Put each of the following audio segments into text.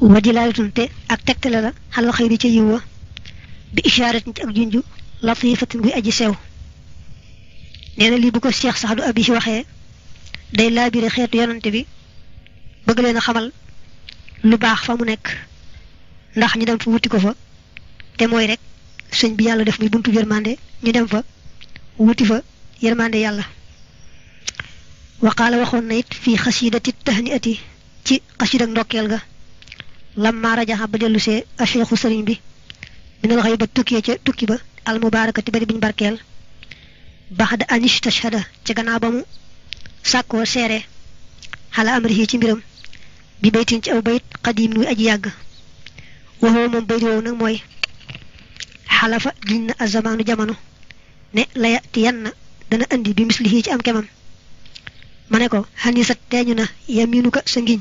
wajilaalatun te ak tegtale la xalal xëyri ca yiw wa bi ishaaratin ci ak junju latifatin guy aji sew nee na lii bu ko seex sax Cheikh Saadu Abi si waxee day laabire xeetu yonante bi bëgg leen a xamal lu baax fa mu nekk ndax ñu dem fa wuti ko fa te mooy rek sëñ bi yàlla def muy buntu yërmande ñu dem fa wuti fa yërmande yàlla waqaala waxoon na it fii xasiidati tahniati ci xasiid ak ndokkeel ga lamma rajaxa ba dellusee acheikhu sëriñ bi minal xëy ba tukkee ca tukki ba almubarakati bari biñ barkeel baxda anistashhada ca gannaaw ba mu sàkkoo seere xala amrihi ci mbiram bi baytin ci aw bayit xadim muy aji yàgg waxoo moom bayit woowu nag mooy xalafa giñ na azamaanu jamono ne laya ti yanna dana andi bi mislihi ci am kemam ma ne ko xanisat teeñu na yaminuka sa ngiñ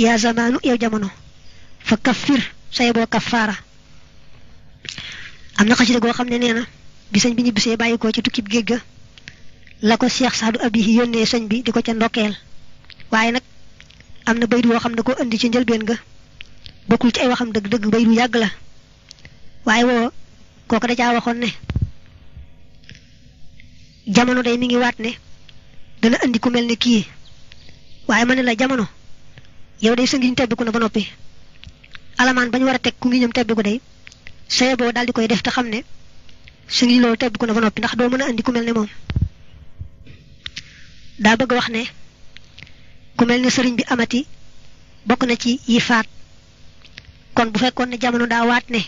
yaa zamaanu yow jamono fa kaffir say boo kaffaara am na xasida goo xam ne nee na bi sëñ bi ñibbisee bàyyi ko ci tukkib géej ga la ko Cheikh Saadu Abihi yónnee sëñ bi di ko ca ndokkeel waaye nag am na baydu woo xam ne koo indi ci njëlbeen ga bokkul ci ay waxam dëgg-dëgg baydu yàgg la waaye woo kooku da caa waxoon ne jamono day mi ngi waat ne dana indi ku mel ne kii waaye ma ne la jamono yow day sëngiñ tebbiku na ba noppi alaman bañ wara tek ku ngi ñum tebbu ko day sey bo dal di koy def ta xamne su ngi lolu tebbu ko na fa nopi ndax do mëna andi ku melni mom da bëgg wax ne ku melni sëriñ bi amati bokku na ci yi faat kon bu fekkon ne jamono da waat ne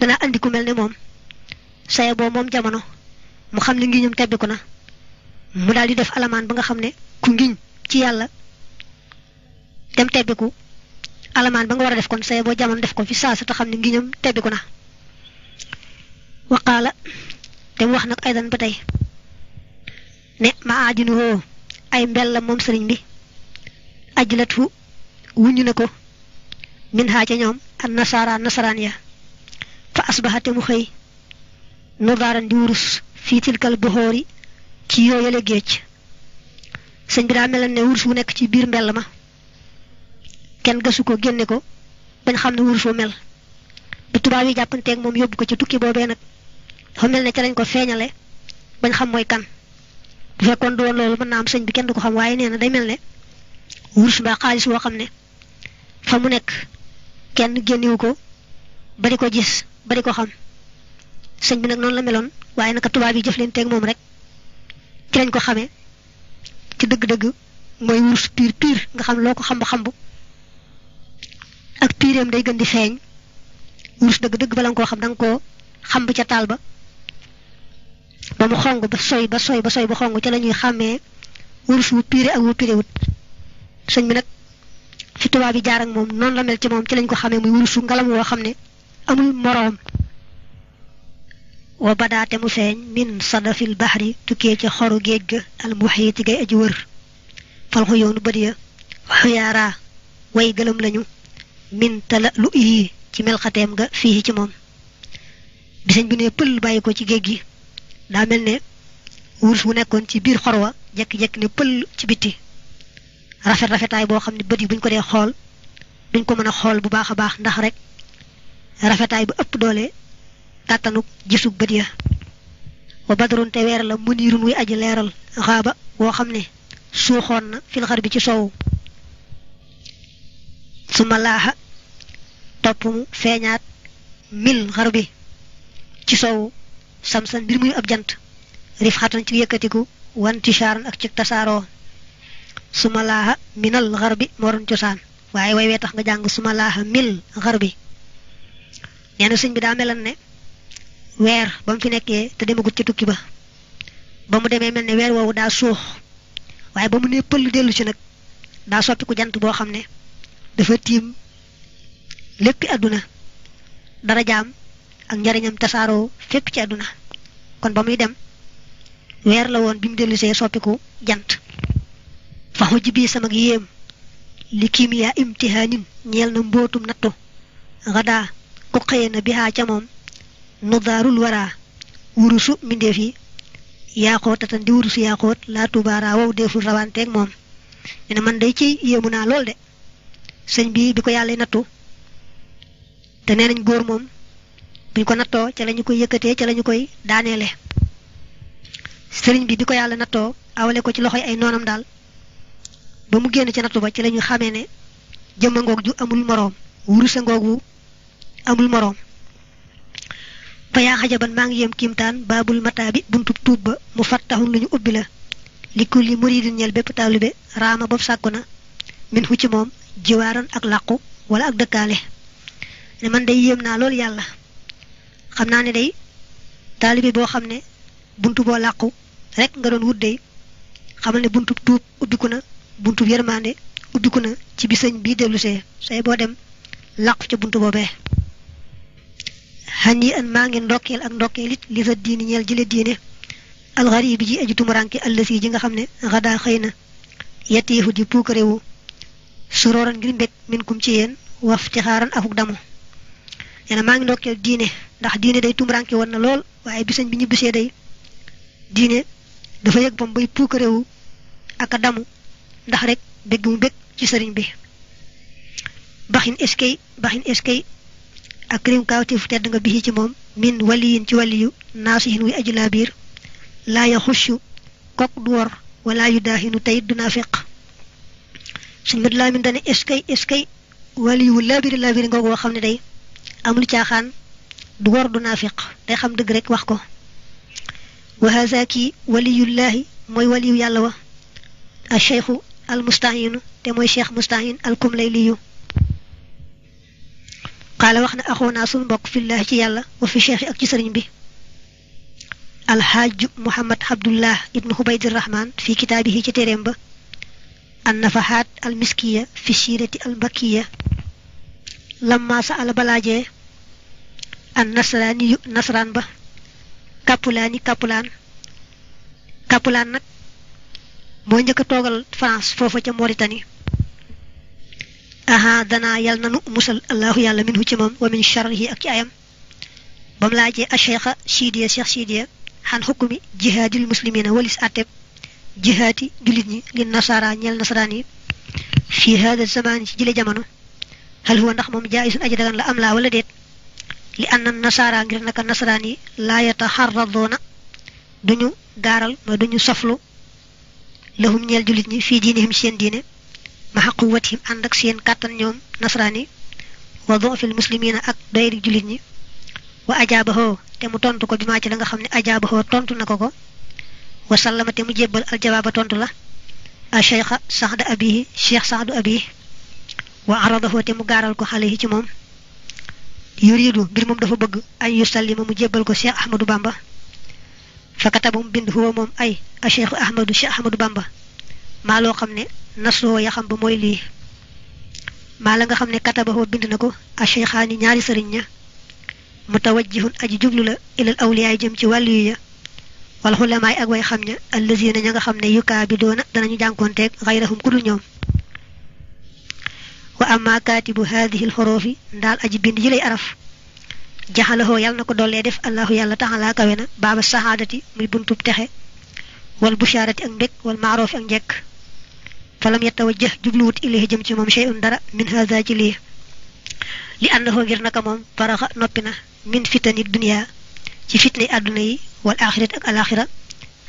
dana andi ku melni mom sey bo mom jamono mu xam ni ngi ñum tebbi ko na mu dal di def alaman ba nga xamne ku ngiñ ci yalla dem ko alaman ba nga wara def kon sey bo jamon def ko fi sa sa taxam ni ngiñum ko na waqala dem wax nak aydan batay ne ma ho ay mbella mom serign bi ajlatu wuñu nako min ha ca ñom an nasara nasaran ya, fa asbahat mu xey daran di wurus fi tilkal buhori ci yele geej señ bi da melane wurus wu nek ci bir mbell ma kenn gasu ko génne ko bañ xam ne wur foo mel bi tubaab yi jàppanteeg moom yóbbu ko ci tukki boobee nag dafa mel ne ca lañ ko bañ xam mooy kan bu fekkoon du mën naa am sëñ kenn du xam waaye nee na day mel ne wurus xaalis woo xam ne fa mu nekk kenn génniwu ko ba di ko gis ba xam sëñ bi nag noonu la meloon waaye naka tubaab yi leen teeg moom rek ci lañ ko xamee ci dëgg-dëgg mooy wurus piir piir nga xam loo ko xamb xamb ak piireem day gën di feeñ wurus dëgg-dëgg bala nga koo xam da nga koo xam ba ca taal ba ba mu xong ba soy ba soy ba soy ba xong ca la ñuy xàmmee wurus wu piire ak wu piire wut sëñ bi nag fi tubaab yi jaar ak moom noonu la mel ci moom ci lañ ko xamee muy wurusu ngalam woo xam ne amul moroom wa badaate mu feeñ min sadafil baxri tukkee ci xoru géej ga al muxiiti gay aji wër falxu yoonu bët ya xuyaaraa way gëlëm lañu min tala lu yi ci melxateem nga fii ci moom bi sëñ ne pël bàyyi ko ci géej gi daa mel ne wurus wu nekkoon ci biir xorwa jekki-jekki ne pël ci bitti rafet rafetaay boo xam ne bët yi buñ ko dee xool duñ ko mën a xool bu baax a baax ndax rek rafetaay bu ëpp doole kàttanuk gisug bët ya wa badrun te weer la muniirun wuy aji leeral xaaba woo xam ne suuxoon na fil bi ci soow su topp mu feeñaat mil xar bi ci sowu samsan mbir muy ab jant rif xatan ci yëkkatiku wanti shaaran ak ci tasaaroo suma laaxa minal xar bi moo doon cosaan waaye way wee tax nga jàng suma laaxa mil xar bi nee na sëñ bi daa melan ne weer ba mu fi nekkee te demagut ca tukki ba ba mu demee mel ne weer woowu daa suux waaye ba mu nee pëll dellu ci nag daa sotti jant boo xam ne dafa tiim léppi àdduna dara ak njariñam tasaaroo fépp ci àdduna kon ba muy dem weer la woon bi mu see soppiku jant fa xujj bii sama yéem li kiimiyaa imtihaanin ñeel na mbootum nattu xadaa ku xëye na bihaa ca moom noddaarul waraa wurusu mbindeef yi yaaxoot atan di wurusu yaaxoot laa tubaaraa wow deeful rawanteeg moom ne man day ci yéemu naa lool de sëñ bi bi ko yàlla nattu te nee nañ góor moom buñ ko nattoo ca la ñu koy yëkkatee ca lañu koy daaneele sëriñ bi bi ko yàlla nattoo awale ko ci loxo yi ay noonam daal ba mu génn ca nattu ba ci la ñu xamee ne jëmma ngoog ju amul moroom wurusa ngoog wu amul moroom fa yaa xajaban maa ngi yem kiimtaan baabul mataa bi buntu tuub ba mu fattaxun lu ñu ubbi la li kulli muridin ñel bépp taalibe raama bopp sàkku na min fu ci moom jiwaaran ak làqu wala ak dëkkaale ne man day yéem naa loolu yàlla xam naa ne day taalibe boo xam ne buntu boo làqu rek nga doon wut day xamal ne buntu tuub ubbiku na buntub yërmaande ubbiku na ci bi sëñ bii dellusee say boo dem làqu ca buntu boobee xan yi an maa ngi ndokkeel ak ndokkeel li sa diini ñeel jële diine alxarib ji aju tumuranke àllësi ji nga xam ne xadaa xëy na yettiixu di puukarewu sorooran ngir mbég min kum ci yéen waf ti xaaran akuk damu nee na maa ngi ndokkeel diine ndax diine day tumuraanke woon na lool waaye bisañ bi ñibbisee day diine dafa yëg bam bay puukarewu ak a damu ndax rek bégg mu bég ci sëriñ bi baxin eskay baxin eskay ak réew kaawteefu tedd nga bixi ci moom min waliyin ci waliyu naasihin wuy aju laa biir laa ya xushu kok du wor wala yu daahinu tey du naa feq suñ mat laa min dane eskay eskay waliyu laabiri laabiri nga ko xam ne day amul tiaxan du war du nafiq day xam deug rek wax ko wa hazaki kii moy wali yàlla wa al shaykh al mustahinu te moy cheikh mustahin al kumlayliyu qaala wax na axoonaa sun mbokk fillaahi ci yàlla wa fi cheikhi ak ci serign bi al-hajj muhammad abdullah ibn hubayd hubaydirahman fi kitaabihi ci téréem ba an nafahaat al miskiya fi siirati al mbakkiya lamma sa ala balaajee an nasaraani yu nasaraan ba kàppulaani kàppulaan kàppulaan nag moo njëkk a toogal France foofa ca Mauritanie aha danaa yal nanu musal allahu yàlla minhu ci moom wa min charrihi ak ci ayam ba mu laajee a cheikha siidiya cheikh siidiya xan xukkumi jihaadil muslimina walis atteb jihaati jullit ñi li nasara ñeel nasaraan yi fii hada zamaan ci jële jamono hal huwa ndax moom jaa isun aji dagan la am laa wala déet li anna nasara ngir naka nasrani yi laa yataharradoona duñu gaaral ma duñu saflu lahum ñeel julit ñi fii diinihim seen diine maxa quwwatihim ànd ak seen katan ñoom nasrani wa muslimina ak doyri julit ñi wa ajaabaho te mu tontu ko bi maa ci la nga xam ne tontu na ko wa sallama te mu tontu la a cheikha saxda abihi cheikh sahdu abihi wa aradaho te mu ko xale yi ci yuridu ngir moom dafa bëgg ay yu sallima mu jébbal ko Cheikh Ahmadou Bamba fakatabum bind huwa moom ay a Cheikh Ahmadou Cheikh Ahmadou Bamba maa loo xam ne nasoo ya xam ba mooy lii maa la nga xam ne kataba huwa bind na ko a Cheikhaani ñaari sëriñ ña mutawajjihun aji jublu la ilal awliyaay jëm ci wàllu yi ya wal xulamaay ak way xam ña allazina ña nga xam ne yukaa bi doona danañu jànkoonteeg xayrahum ku dul ñoom واما كاتب هذه الحروف دال اجي بند يلي عرف جحله يالنا كو دولي ديف الله يالا تعالى كوينا باب الشهاده مي بونتو تخه والبشاره اك ديك والمعروف اك جيك فلم يتوجه جبلوت الى جيم سي شيء دارا من هذا جلي لانه غير نكا موم فرخ نوبنا من فتن الدنيا في فتن الدنيا والاخره اك الاخره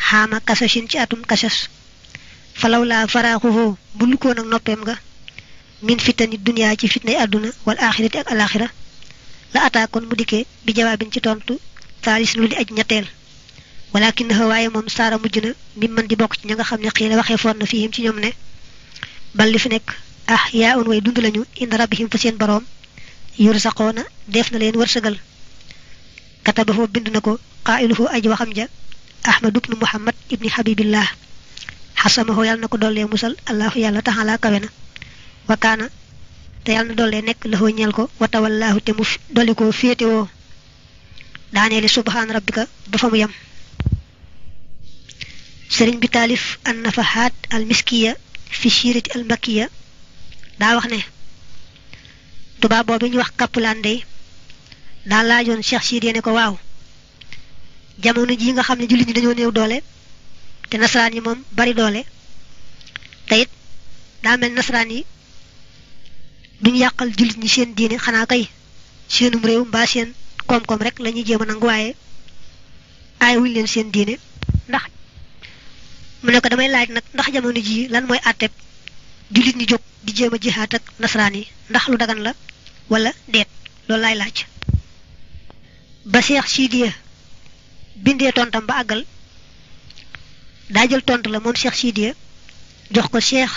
حاما كاسشين تي اتوم كاسس فلولا فراخه بونكو نك نوبم min nit dunia ci fitnay àdduna wal axirati ak alaxira la ataakoon mu dikkee bi jawaabin ci tontu taalis lu di aj ñetteel walakin waaye moom saara mujj na mi mën di bokk ci ña nga xam ne xii a waxee foon na fihim ci ñoom ne bal li fi nekk ah yaa un way dund lañu inda rabbihim fa seen boroom yursaqoona def na leen wërsëgal katabahu bind na ko qaa'iluhu aj waxam ja ahmad ibnu muhammad ibni habibillah xasamahu yàlla na ko dollee musal allahu yàlla taxalaa kawe na Wakana, te yalla dole nek la ho ñal ko wa tawallahu te mu dole ko fete wo daane subhan rabbika du famu yam serigne bi talif an nafahat al miskiya fi shirati al makiya da wax ne tuba bobu ñu wax kapulande da joon cheikh shirye ne ko waw jamono ji nga xamne julli ñi dañu neew dole te nasran mom bari dole tayit da mel nasran du yàqal julit ñi seen diine xanaa kay seenum réew mbaa seen koom-koom rek la ñuy jéem a nangu waaye aay wuñ leen seen diine ndax nah. mu ne ko nah damay laaj nag ndax jamono ji lan mooy àtteb julit ñi jóg di jéem a jihaat ak nasaraan ndax lu dagan la wala deet loolu laay laaj ba seex sidia bindee tontam ba àggal daa jël tont la moom seex sidia jox ko seex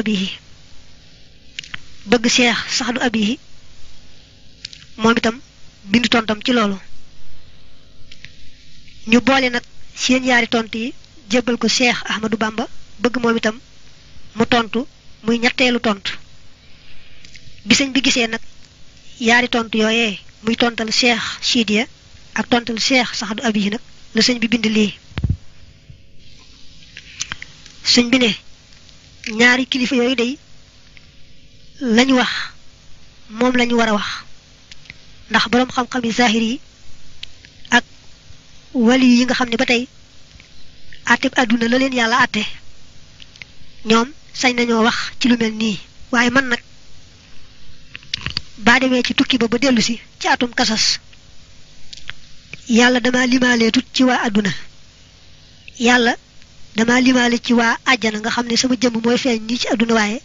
abihi bëgg cheikh saxdu abihi mom itam bindu tontam ci lolu ñu boole nak seen yaari tontu yi ko cheikh ahmadu bamba bëgg mom itam mu tontu muy ñetteelu tontu bi señ bi gisee nak yaari tontu yoyé muy tontal cheikh shidiya ak tontal cheikh saxdu abihi nak le señ bi bind li señ bi ne ñaari kilifa day lañ wax moom lañ wara wax ndax borom xam-xam yi ak wali yi nga xam ne ba aduna la leen yàlla atte ñoom sañ nañoo wax ci lu mel nii waaye man nag baa demee ci tukki ba ba dellu si ci atum kasas yàlla dama limaale tut ci waa aduna. yàlla dama limaale ci waa àjjana nga xam ne sama jëmm mooy feeñ nii ci aduna waaye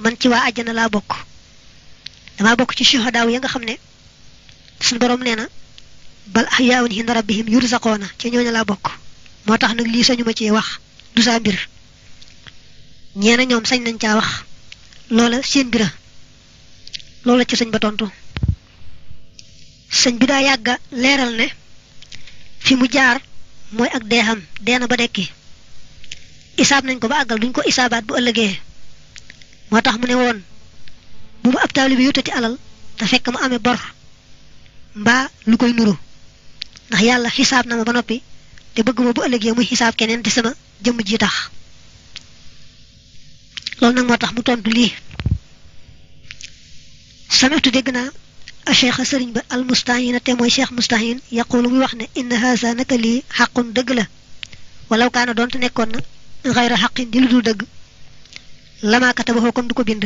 man ci waa àjjana laa bokk damaa bokk ci shuhadaaw ya nga xam ne suñu borom nee na bal ahyaun inda rabbihim yurzaqoona ca ñooñu laa bokk moo tax nag lii sañu ma ci wax du saa mbir ñeena ñoom sañ nañ caa wax loola seen mbira loola ci sëñ ba tontu sëñ bi daa yàgga leeral ne fi mu jaar mooy ak deexam dee na ba dekki isaab nañ ko ba àggal duñ ko isaabaat bu ëllëgee moo tax mu ne woon bu ma ab taalibe yotati alal te fekk mu amee bor mbaa lu koy nuru ndax yàlla xisaab na ma ba noppi te bëgg ma bu ëllëgee muy xisaab keneen di sama jëmm ji tax loolu nag moo tax mu tontu lii samitu dégg naa a cheikh sëriñ ba al mustahin te mooy cheikh mustahin yaqulu muy wax ne inna haasa naka lii xaqun dëgg la walaw kaana doonte nekkoon na xayra xaqin di lu dul dëgg lamaa katabahu kon du ko bind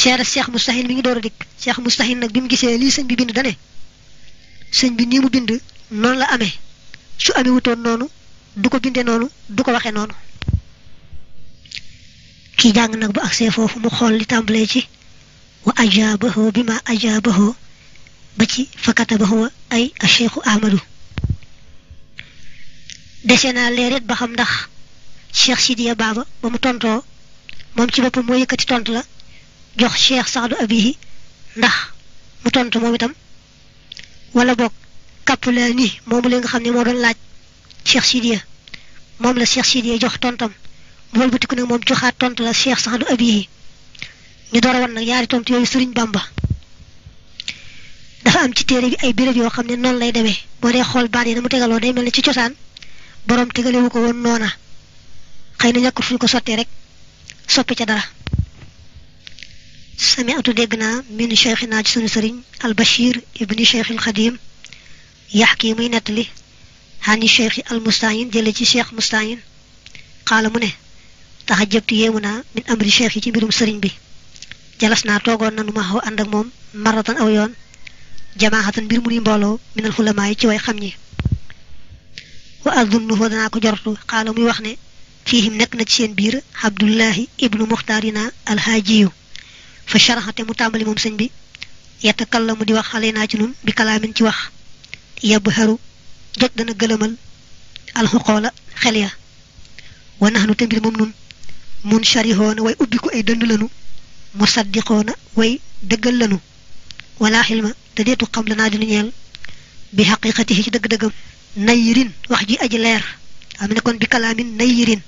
cheikh cheikh mustahin mi ngi door a dikk cheikh mustahin nag bi mu gisee lii sëñ bi bind dane sëñ bi nii mu bind noonu la ame su amee wutoon noonu du ko bindee noonu du ko waxee noonu kii jàng nag bu agsee foofu mu xool li tàmbalee ci wa ajaabahu bi ma ajaabahu ba ci fa katabahu ay a cheikhu ahmadu dese naa leerit ba xam ndax cheikh sidiya baaba ba mu tontoo moom ci boppam moo yëkkati tont la jox cheikh saadu abihi ndax mu tontu moom itam walla wala ni moom moomu la nga xam ne moo doon laaj cheikh sidiya moom la cheikh sidiya jox tontam mu wëlbatiku nag moom joxaat tont la cheikh saadu abihi ñu door a wan nag yaari tont yooyu sëriñ ba dafa am ci téere bi ay béréb yoo xam ne noonu lay demee boo dee xool baat yi damu mu tegaloo day mel ne ci cosaan borom tegalewu ko woon noona xeyna na fuñ ko soté rek soppi ci dara sami atu dégg min cheikhina ci sunu serigne al bashir ibn cheikh al xadim yahki kii muy nettali hani cheikh al mustahin jële ci cheikh mustahin qala mu ne taxa jëbtu min amri cheikh ci birum serigne bi jalasna naa nanu ma xaw ànd ak mom maratan aw yon jamaahatan bir mu ni mbooloo minal xulamaa ci way xamni ñi wa adunnuhu danaa ko jortu qala muy wax ne fihim nek na ci seen biir abdullahi ibnu mukhtarina alhajiyu fa sharaxate mu tàmbali moom sëñ bi yatakallamu di wax xale naa ci nun bi kalaamin ci wax yabharu jog dana gëlëmal alxuqoola ya. wa mun sharihoona way ubbiku ay dënd lanu musaddiqoona way dëggal lanu wala xilma te deetu xam ñeel bi xaqiqatihi ci nayirin wax ji aji leer kon bi nayirin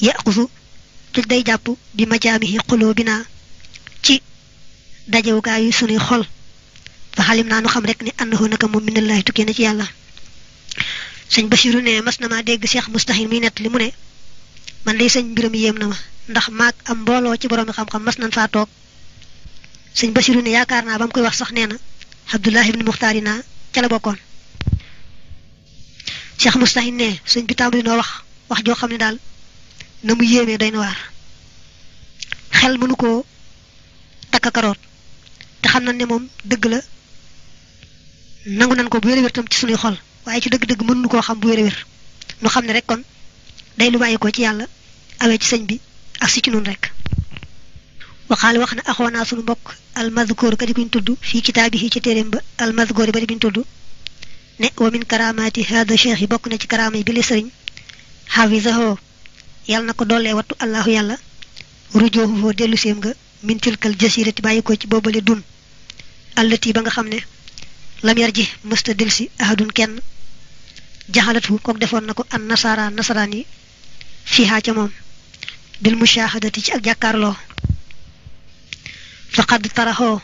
yaxusu tudd day jàpp bi majaamihi naa ci dajew gaa yi sunuy xol fa xalim naa nu xam rek ni annahu naka moom minallahi tukkee na ci yàlla sëñ Basiru ne mas na maa dégg Cheikh Moustahin muy nett li mu ne man day sëñ mbiram yéem na ma ndax maag am mbooloo ci boroomi xam-xam mas nañ faa toog sëñ Basiru ne yaakaar naa ba mu koy wax sax nee na Abdullah ibn Muxtaari naa ca la bokkoon Cheikh Moustahin ne sëñ bi tàmbali noo wax wax joo xam ne daal na mu yéemee day na waar xel mënu koo takk karoot te xam na ne moom dëgg la nangu nañ ko bu wér tam ci suñuy xol waaye ci dëgg-dëgg mënuñu koo xam bu wér wér nu xam ne rek kon day lu bàyyi ko ci yàlla awee ci sëñ bi ak si ci noonu rek waxaale wax na axoonaa sunu mbokk almadkoor ka di kuñ tudd fii kitaabihi ci téeréem ba almadkoor yi ba di kuñ tudd ne wa min karaamaati haada cheikh yi bokk na ci karaama yi bi li sëriñ xafisaho yàlla na ko doolee wattu allahu yàlla rujoohu foo dellu séem nga min tilkal jasirati bàyyi ko ci boobale dun allati ba nga xam ne lam yar ji mësta del si ahadun kenn jaxalatu kook defoon na ko an nasaraan nasaraan yi fiihaa ca moom bil mushahadati ci ak jàkkaarloo faqad taraxoo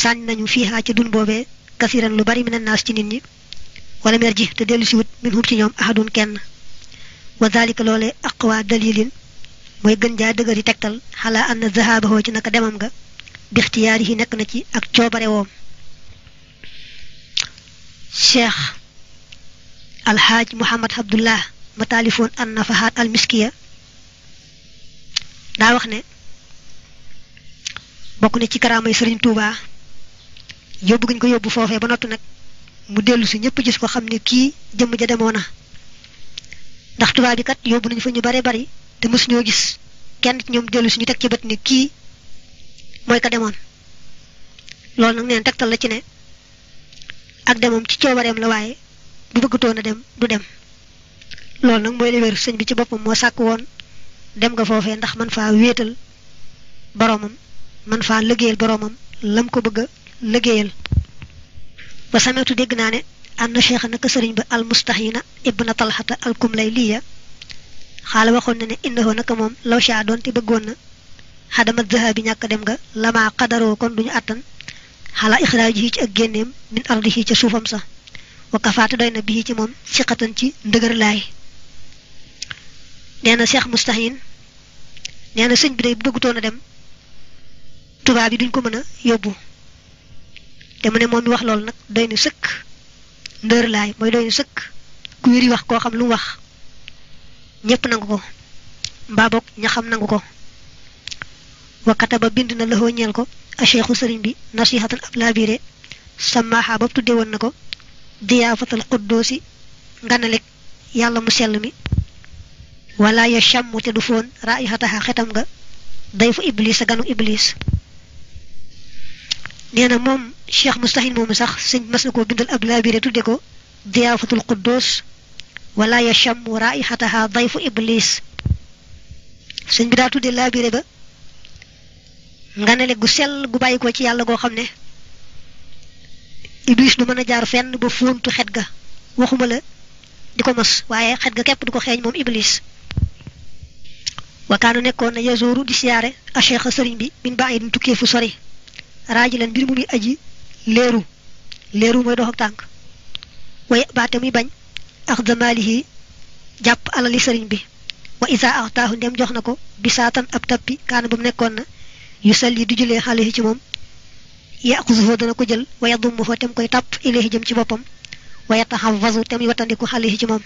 sàñ nañu fiihaa ca dun boobee kasiran lu bari mina naas ci nit ñi wala ji te dellu si wut min hum ci ñoom ahadun kenn wa dalika loolee aqwa mooy gën jaa dëgëri tegtal xalaa am na zahabahoo ci naka demam nga bixtiyaari yi nekk na ci ak coobare woom cheikh alxaaj mouhamad abdullah ma taalifoon an nafahaat al miskiya daa wax ne bokk na ci karaamay sëriñ Touba yóbbu gi ñu ko yóbbu foofe ba nottu nag mu dellu si ñëpp gis ko xam ne kii jëmm ja demoo na ndax tuba bi kat yóbbu nañu fa ñu bare bari te nyogis. ñoo gis kenn ci ñoom dellu suñu tek ci bët ni ki moy ka demone lool nak neen tegtal la ci ne ak demam ci ciowarem la waye bu bëgg toona dem du dem lool nak moy li wér sëñ bi ci bopam mo sakku won dem nga fofé ndax man fa wétal boromam man fa liggéeyal boromam lam ko bëgg liggéeyal ba dégg anna cheikha naka sëriñ ba al mustahina ibna talxata al kumlay liya xaala waxoon na ne innahu naka moom law shaa doonte bëggoon na xadama zahabi ñàkk dem nga lama qadaroo kon duñu àttan xalaa ixraajihi ci ak génneem min ardihi ca suufam sa wa kafaate doy na bii ci moom siqatan ci ndëgër laay nee na cheikh mustahin nee na sëñ bi day bëggutoon a dem tubaab yi duñ ko mën a yóbbu te mu ne moom mi wax loolu nag doy na sëkk ndeur lay moy doyu seuk ku wéri wax ko xam lu wax ñepp nang ko mbaa bok ña xam nang ko wa kataba bind na ko a cheikhu serigne bi nasihatan ab laabire bab tudde won nako diyafatul quddusi nganalek yàlla mu sell mi wala ya te du fon raihataha xetam ga day iblis ganu iblis nee na cheikh mustahin moomu sax sëñ mas na koo bindal ab laabire tudde ko diyaafatul quddus wala yasham raihataha dayfu iblis sëñ bi daa tudde laabire ba nga ne gu sell gu bàyyi ko ci yàlla goo xam ne iblis du mën a jaar fenn ba fuuntu xet ga waxuma la di ko mos xet ga képp du ko xeeñ moom iblis wa kaanu nekkoon na yazuru di siyaare a cheikh sëriñ bi min bàyyi di fu sori raajilan mbir mu muy aji léeru léeru mooy dox ak tànk way baate muy bañ ak damaalihi jàpp alali sëriñ bi wa isa ak taaxu ndem jox na ko bisaatan ab tappi kaana ba mu nekkoon na yu sal yi du julee xale ci moom yaqusuhu dana ko jël wa yadumuhu tem koy tàpp ilayhi jëm ci boppam wa yataxafasu tem watandiku xale ci moom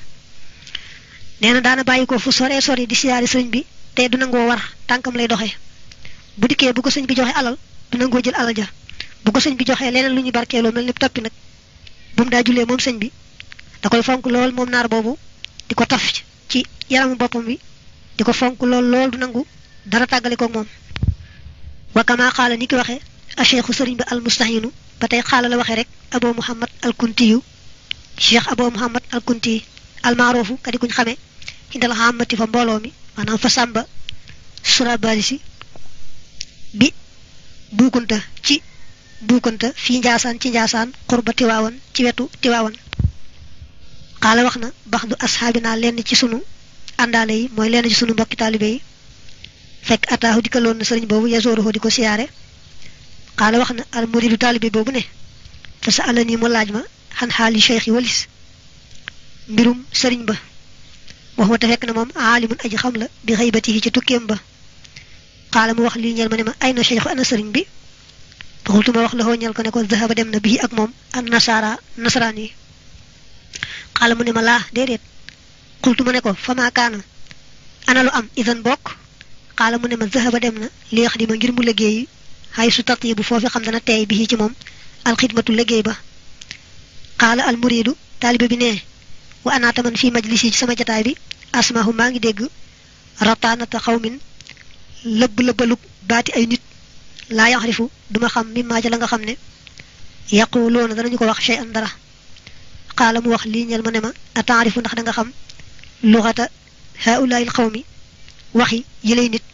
nee na daana bàyyi ko fu sore sori di siyaari sëriñ bi te du nangoo war tànkam lay doxee bu dikkee bu ko sëñ bi joxe alal Dunang ko jël alal bu ko señ bi joxe leneen luñu barké lo melni topi nak bu mu daa julee mom señ bi da koy fonk lol mom nar bobu di taf ci yaram bopam bi di fonk lol lol du nangu dara tàggale ko mom wa kama qala niki a cheikh serigne bi al mustahinu Batay xala la waxe rek abo muhammad al kuntiyu cheikh abo muhammad al kunti al ma'ruf kadi kuñ xamé indal hamati fa mbolo mi manam fa sura balisi bi buukunta ci buukunta fii njaasaan ci njaasaan xurba tiwaawan ci wetu tiwaawan xaala wax na bax du asxaabi naa lenn ci sunu àndaale yi mooy lenn ci sunu mbokki taalibe yi fekk ataahu di na sëriñ boobu yazooruhu di ko siyaare xaala wax na al muridu taalibe boobu ne fa sa ala ni mu laaj ma xan xaali cheikh yi walis mbirum sëriñ ba wax ma te fekk na moom aalimun aji xam la bi xëybati yi ci tukkeem ba قال ما وخ لي نيل ما اين شيخ انا سرين بي فقلت ما وخ له نيل كو نكو ذهب دم نبي اك موم النصارى نصراني قال من ما لا ديريت قلت ما نكو فما كان انا لو ام اذا بوك قال من ما ذهب دم لي يخدم غير مو لغي هاي سو تطيب فوفي خم دنا تاي بي موم الخدمه لغي با قال المريد طالب بي ني وانا تمن في مجلسي سما جتاي بي اسمه ماغي دغ رطانه قومين lëbb lëbbaluk baati ay nit laa yaxrifu duma xam mi maaja la nga xam ne yaquluuna danañu ko wax shay an dara xaala mu wax lii ñel ma ma ataarifu ndax da nga xam luxata haulaayil xaw mi waxi yi nit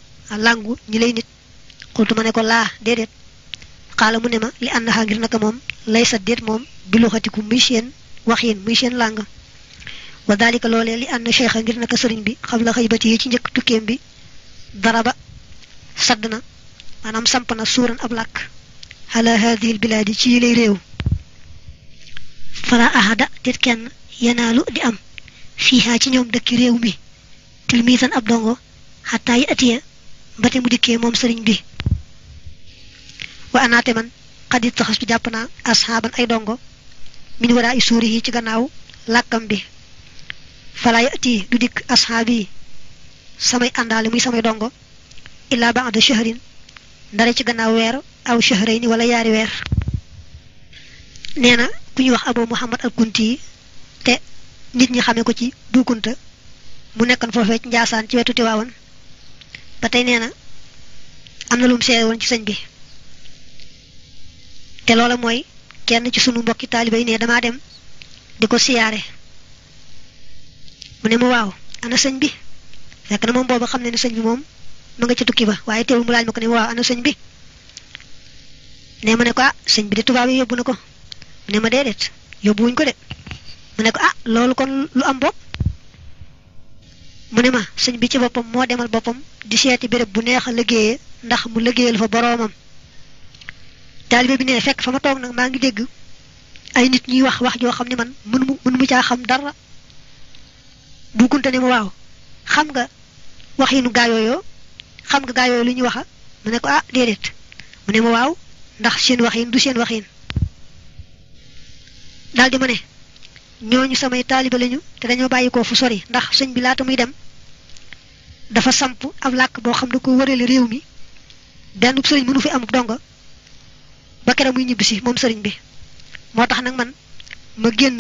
làngu ñi lay nit xultu ma ne ko laa déedéet xaala mu ne ma li annaha ngir naka moom lay sa déet moom bi luxatiku muy seen waxin muy seen làng wa dalika loolee li anna cheikha ngir naka sëriñ bi xam la xëybati ci njëkk tukkeem bi daraba sadd na maanaam samp na suuran ab làkk ala haadihi albilaadi ci lay réew fala ahada dit kenn yanaalu di am fiihaa ci ñoom dëkki réew mi tilmiisan ab dongo xataa yi atiya mbate mu dikkee moom sëriñ bi wa anaate man xadit taxastu jàpp naa asxaaban ay dongo min waraa i suuri yi ci gannaaw làkkam bi falaa yati du dikk asxaab yi samay àndaale muy samay dongo ba ba'da shahrin dara ci gannaaw weer aw shahrayni wala yaari weer nee na ku ñuy wax abu muhammad al kunti yi te nit ñi xamee ko ci duukunta mu nekkoon foofee njaasaan ci wetu tiwaawan ba tey nee na am na lu mu seere woon ci sëñ bi te loola mooy kenn ci sunu mbokki taaliba yi ne damaa dem di ko siyaare mu ne ma waaw ana sëñ bi fekk na moom booba xam ne ne sëñ bi moom ma nga ci tukki ba waaye teewul mu laaj ma ko ne waaw ana sëñ bi ne ma ne ko ah sëñ bi di tubaab yi yóbbu ya ko ne ma déedéet yóbbu ya ko de mu ne ko ah loolu kon lu am bopp mu ne ma sëñ bi ci boppam moo demal boppam di seeti béréb bu neex a liggéeyee ndax mu liggéeyal fa boroomam taalibe bi ne fekk fa ma toog nag maa ngi dégg ay nit ñuy wax wax joo xam man mënu mu mënu mu caa xam dara bu kuntane ma xam nga waxinu xam nga gaayoo lu ñu waxa mu ne ko ah déedéet mu ne ma waaw ndax seen waxin du seen waxin daldi ma ne ñooñu samay taaliba lañu te dañoo bàyyi ko fu sori ndax sëñ bi laata muy dem dafa samp am làkk boo xam da ko wërale réew mi benn sëriñ mënu fi am dong ba kera muy ñibbi si moom sëriñ bi moo tax nag man ma génn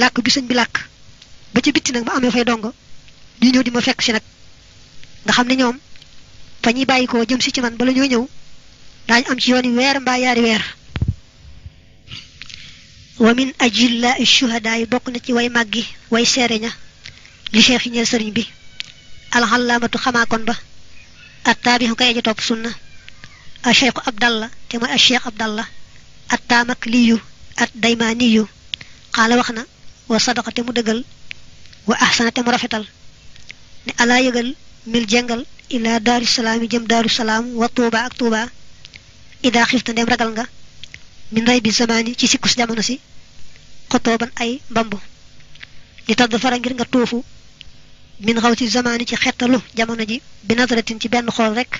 làkk bi sëñ bi làkk ba ci bitti nag ma amee fay dong ñu ñëw di ma fekk si nag nga xam ne ñoom fa ñuy bàyyi koo jëm si ci man bala ñoo ñëw daañu am ci yoon yi weer mbaa weer wa min ajilla shuhadaa yi bokk na ci way màggi way seere ña li cheikh yi ñeel sëriñ bi alxalaamatu xamaakoon ba at taabixu kay aja topp sunna a cheikhu abdallah te mooy a cheikh abdallah at taamak liyu at daymaaniyu xaala wax na wa sadaqa te mu dëggal wa ahsana te mu rafetal ne alaa yëgal mil jengal ila daru salami jam daru salam wa tuba ak tuba ida khift ndem ragal nga min ray bi zamani ci jamono si xotooban ay bambu li tadd fara ngir nga tuufu min xaw ci zamani ci xettalu jamono ji bi nazratin ci ben xol rek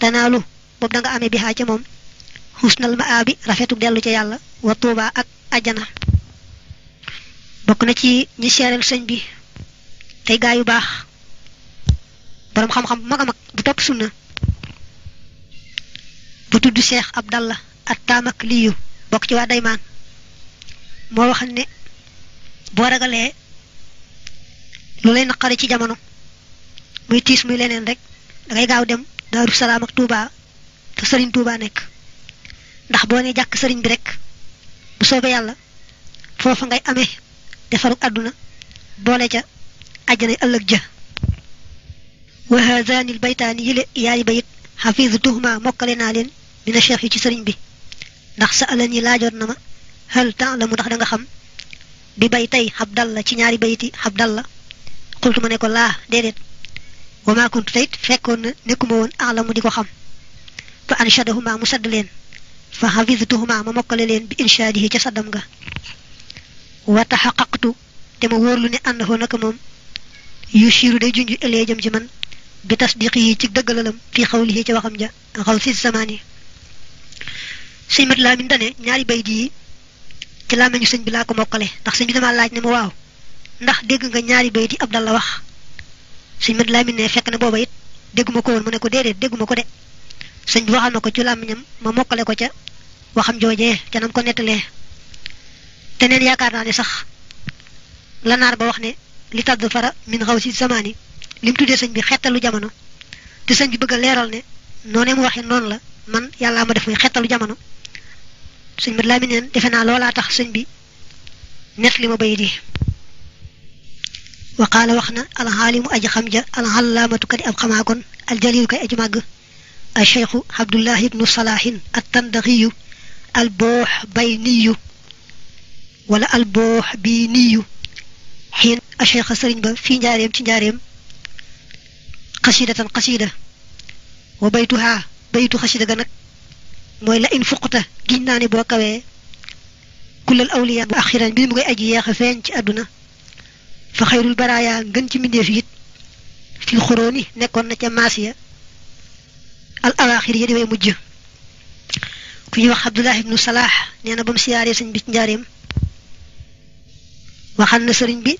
tanaalu bob da nga bi ha ci mom husnal ma'abi rafetuk delu ci yalla wa tuba ak aljana bokku na ci ñi séral señ bi tay gaay yu bax borom xam xam mag mag bu top sunna bu tuddu cheikh abdallah at liyu bok ci wa dayman mo waxal ne bo ragale lu lay naqari ci jamono muy tiss muy leneen rek da ngay gaaw dem daru salam ak touba te serigne touba nek ndax bo ne jak serigne bi rek bu yalla fofu ngay amé defaruk aduna bolé ca aljana ëlëk jëf وهذان البيتان يعني, يعني بيت حفظتهما مقلنا لين من الشيخ يتسرين به نخ سألني لا جرنما هل تعلم دخل نغخم ببيتي حبد الله تنياري بيتي حبد الله قلت من يقول لا ديرت وما كنت تيت فكون نكمون أعلم ديكو خم فأنشدهما مسد لين فحفظتهما ممقل بإنشاده تصدمك وتحققت تمورلني أنه نكمم يشير دي جنج إلي جمجمان bi tasdiqi yi ci dëggalalam fii xawlihi ci waxam ja xaw si zamaan yi sëñ mat laamin dane ñaari bayit yi ci làmmiñu sëñ bi laa ko mokkale ndax sëñ bi dama laaj ne ma waaw ndax dégg nga ñaari bayit yi Abdallah wax sëñ mat laamin ne fekk na booba it dégguma ko woon mu ne ko déedéet dégguma ko de sëñ bi waxal ma ko ci làmmiñam ma mokkale ko ca waxam joojee ca nam ko nettalee te neen yaakaar naa ne sax lanaar ba wax ne li tàdd fara min xaw si zamaan yi lim tuddee sëñ bi xétalu jamono te sëñ bi bëgg léral ne noné mu waxé non la man yalla ma def muy xétalu jamono sëñ bi laminé neen defe na lola tax sëñ bi net lima bay di wa qaala wax al alxaalimu aji xam ja alxallaamatu kadi ab xamaa kon jalil kay aji shaykh abdullah ibn salah salahin tandaghi al buh bayni wala al alboox bii hin al shaykh serigne ba fi njaareem ci njaareem xasidatan xasida wa baytuha baytu xasida ga nag mooy la in fuqta giñ naa ne boo kawee kullal awliya bu axiran bi mu ngay aji yeex a feeñ ci àdduna fa xayrul baraaya ngën ci mbindeef it fil xorooni nekkoon na ca maasiya al awaaxir yi di way mujj ku ñuy wax abdullah ibnu salaax nee na ba mu siyaaree sëñ bi ci njaareem waxan na sëriñ bi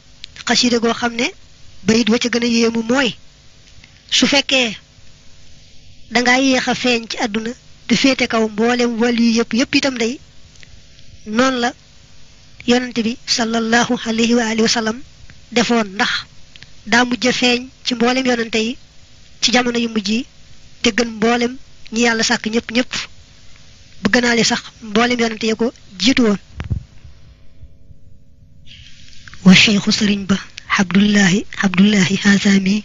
xasida goo xam ne bayit wa ca gën a yéemu mooy su fekkee dangaa yéex a feeñ ci àdduna di féete kaw mboolem wàllu yi yëpp yëpp itam day noonu la yonent bi sallallahu alayhi wa defoon ndax daa mujj feeñ ci mboolem yonente yi ci jamono yu mujj yi te gën mboolem ñi yàlla sàkk ñëpp ñëpp bu gënaale sax mboolem yonente yi ko jiitu woon wa cheikhu sëriñ ba abdullahi abdullahi haasami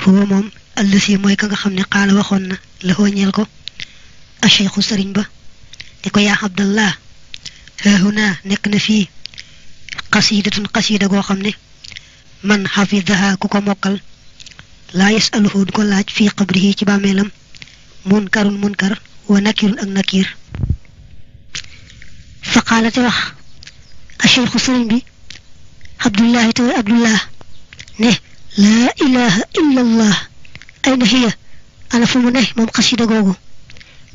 foofu moom allësi mooy ka nga xam ne xaala waxoon na la ñeel ko acheikhu sëriñ ba ni ko yaa abdallah haahunaa nekk na fii qasidatun qasida goo xam ne man xafidaha ku ko mokkal laa yasaluhu du ko laaj fii qabrihi ci bàmmeelam munkarun munkar wa nakirun ak nakir fa qaala te wax acheikhu sëriñ bi abdullahi tawa abdullah ne لا إله إلا الله أين هي أنا على من ممقشين جوجو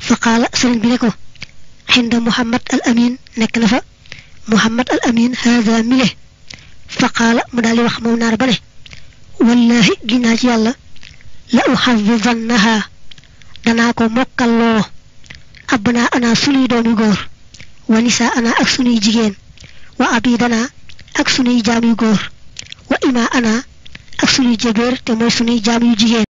فقال سرين بلكو عند محمد الأمين نكلفة محمد الأمين هذا مله فقال مدالي وخمو ناربنه والله جناجي الله لا أحفظنها دناكو موك الله أبنا أنا سني دوني غور ونساء أنا أكسني جيين وأبي أكسني جامي غور وإما أنا ak suñuy jëgër te mooy suñuy jaam yu jigéen